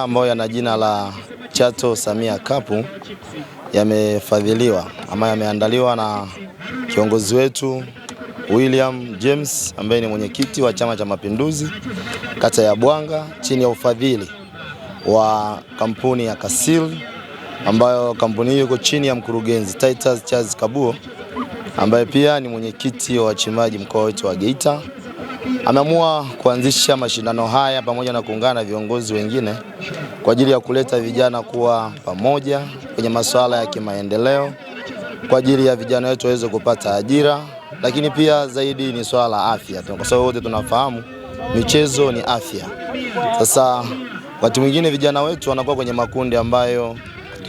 ambayo yana jina la Chato Samia Cup yamefadhiliwa ama yameandaliwa na kiongozi wetu William James ambaye ni mwenyekiti wa Chama cha Mapinduzi kata ya Bwanga chini ya ufadhili wa kampuni ya Kasil ambayo kampuni hiyo iko chini ya mkurugenzi Titus Charles Kabuo ambaye pia ni mwenyekiti wa wachimbaji mkoa wetu wa Geita ameamua kuanzisha mashindano haya pamoja na kuungana na viongozi wengine kwa ajili ya kuleta vijana kuwa pamoja kwenye masuala ya kimaendeleo kwa ajili ya vijana wetu waweze kupata ajira, lakini pia zaidi ni swala la afya, kwa sababu wote tunafahamu michezo ni afya. Sasa wakati mwingine vijana wetu wanakuwa kwenye makundi ambayo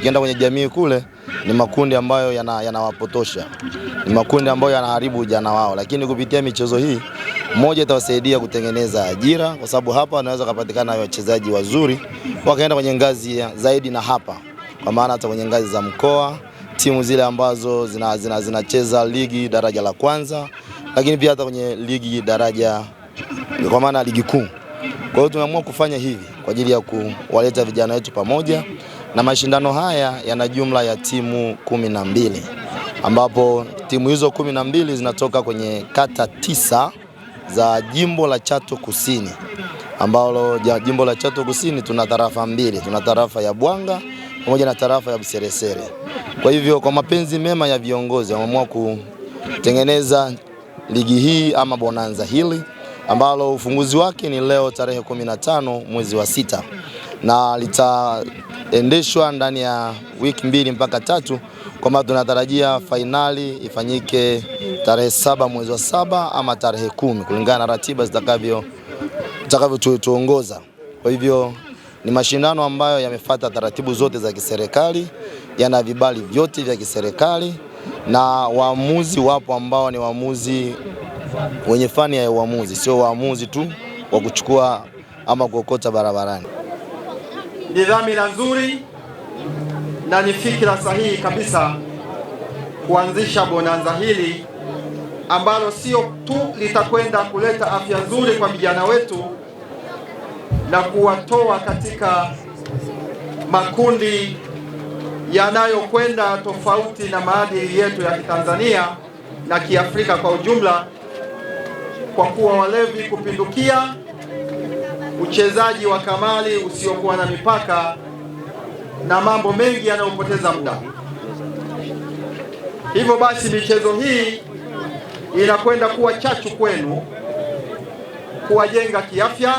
ukienda kwenye jamii kule ni makundi ambayo yanawapotosha, yana ni makundi ambayo yanaharibu ujana wao, lakini kupitia michezo hii moja itawasaidia kutengeneza ajira, kwa sababu hapa wanaweza kupatikana wachezaji wazuri wakaenda kwenye ngazi zaidi, na hapa kwa maana hata kwenye ngazi za mkoa, timu zile ambazo zinacheza zina, zina ligi daraja la kwanza, lakini pia hata kwenye ligi daraja kwa maana ligi kuu. Kwa hiyo tumeamua kufanya hivi kwa ajili ya kuwaleta vijana wetu pamoja na mashindano haya yana jumla ya timu kumi na mbili ambapo timu hizo kumi na mbili zinatoka kwenye kata tisa za jimbo la Chato Kusini, ambalo jimbo la Chato Kusini tuna tarafa mbili, tuna tarafa ya Bwanga pamoja na tarafa ya Buseresere. Kwa hivyo kwa mapenzi mema ya viongozi wameamua kutengeneza ligi hii ama bonanza hili ambalo ufunguzi wake ni leo tarehe 15 mwezi wa sita na litaendeshwa ndani ya wiki mbili mpaka tatu, kwamba tunatarajia fainali ifanyike tarehe saba mwezi wa saba ama tarehe kumi kulingana na ratiba zitakavyo tuongoza. Kwa hivyo ni mashindano ambayo yamefata taratibu zote za kiserikali, yana vibali vyote vya kiserikali na waamuzi wapo ambao ni waamuzi wenye fani ya uamuzi, sio waamuzi tu wa kuchukua ama kuokota barabarani. Ni dhamira nzuri na ni fikra sahihi kabisa kuanzisha bonanza hili ambalo sio tu litakwenda kuleta afya nzuri kwa vijana wetu na kuwatoa katika makundi yanayokwenda tofauti na maadili yetu ya Kitanzania na Kiafrika kwa ujumla, kwa kuwa walevi kupindukia, uchezaji wa kamari usiokuwa na mipaka na mambo mengi yanayopoteza muda. Hivyo basi, michezo hii inakwenda kuwa chachu kwenu, kuwajenga kiafya,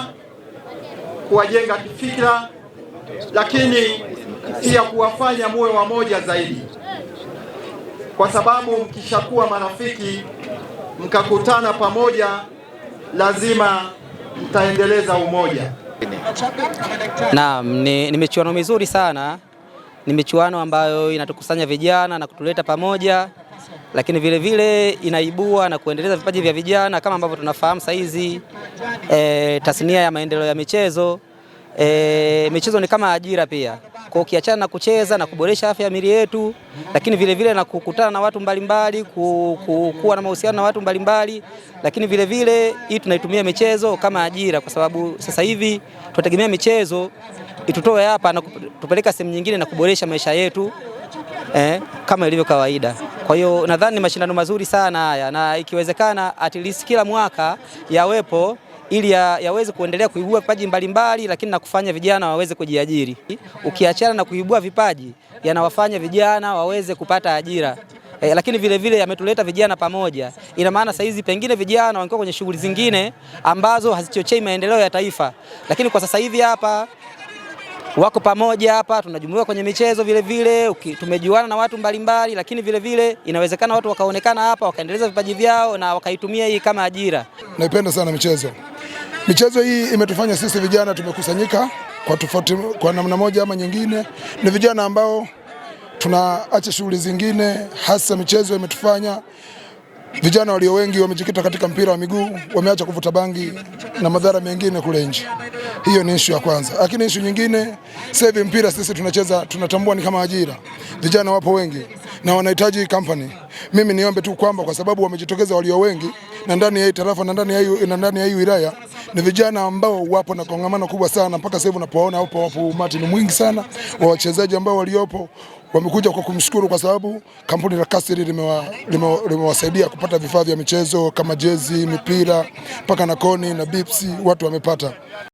kuwajenga kifikra, lakini pia kuwafanya muwe wamoja zaidi, kwa sababu mkishakuwa marafiki mkakutana pamoja, lazima mtaendeleza umoja. Naam, ni, ni michuano mizuri sana, ni michuano ambayo inatukusanya vijana na kutuleta pamoja, lakini vile vile inaibua na kuendeleza vipaji vya vijana kama ambavyo tunafahamu sasa hizi e, tasnia ya maendeleo ya michezo e, michezo ni kama ajira pia kwa ukiachana na kucheza na kuboresha afya ya miili yetu, lakini vilevile vile na kukutana na watu mbalimbali ku, ku, kuwa na mahusiano na watu mbalimbali, lakini vilevile hii tunaitumia michezo kama ajira, kwa sababu sasa hivi tunategemea michezo itutoe hapa na tupeleka sehemu nyingine na kuboresha maisha yetu eh, kama ilivyo kawaida. Kwa hiyo nadhani ni mashindano mazuri sana haya, na ikiwezekana at least kila mwaka yawepo ili ya, yaweze kuendelea kuibua vipaji mbalimbali, lakini na kufanya vijana waweze kujiajiri. Ukiachana na kuibua vipaji, yanawafanya vijana waweze kupata ajira. E, lakini vile vile yametuleta vijana pamoja. Ina maana sasa hizi pengine vijana wangekuwa kwenye shughuli zingine ambazo hazichochei maendeleo ya taifa, lakini kwa sasa hivi hapa wako pamoja hapa, tunajumuika kwenye michezo vilevile, tumejuana na watu mbalimbali, lakini vile inawezekana watu wakaonekana hapa wakaendeleza vipaji vyao na wakaitumia hii kama ajira. Naipenda sana michezo. Michezo hii imetufanya sisi vijana tumekusanyika kwa tofauti, kwa namna moja ama nyingine. Ni vijana ambao tunaacha shughuli zingine, hasa michezo imetufanya vijana walio wengi wamejikita katika mpira wa miguu, wameacha kuvuta bangi na madhara mengine kule nje. Hiyo ni issue ya kwanza, lakini issue nyingine, sasa hivi mpira sisi tunacheza, tunatambua ni kama ajira. Vijana wapo wengi na wanahitaji company. Mimi niombe tu kwamba kwa sababu wamejitokeza walio wengi na ndani ya tarafa na ndani ya hii na ndani ya hii wilaya ni vijana ambao wapo na kongamano kubwa sana mpaka sasa hivi unapoona hapo wapo, umati ni mwingi sana wa wachezaji ambao waliopo wamekuja kwa kumshukuru kwa sababu kampuni la Kasri limewasaidia limewa kupata vifaa vya michezo kama jezi, mipira mpaka na koni na bipsi, watu wamepata.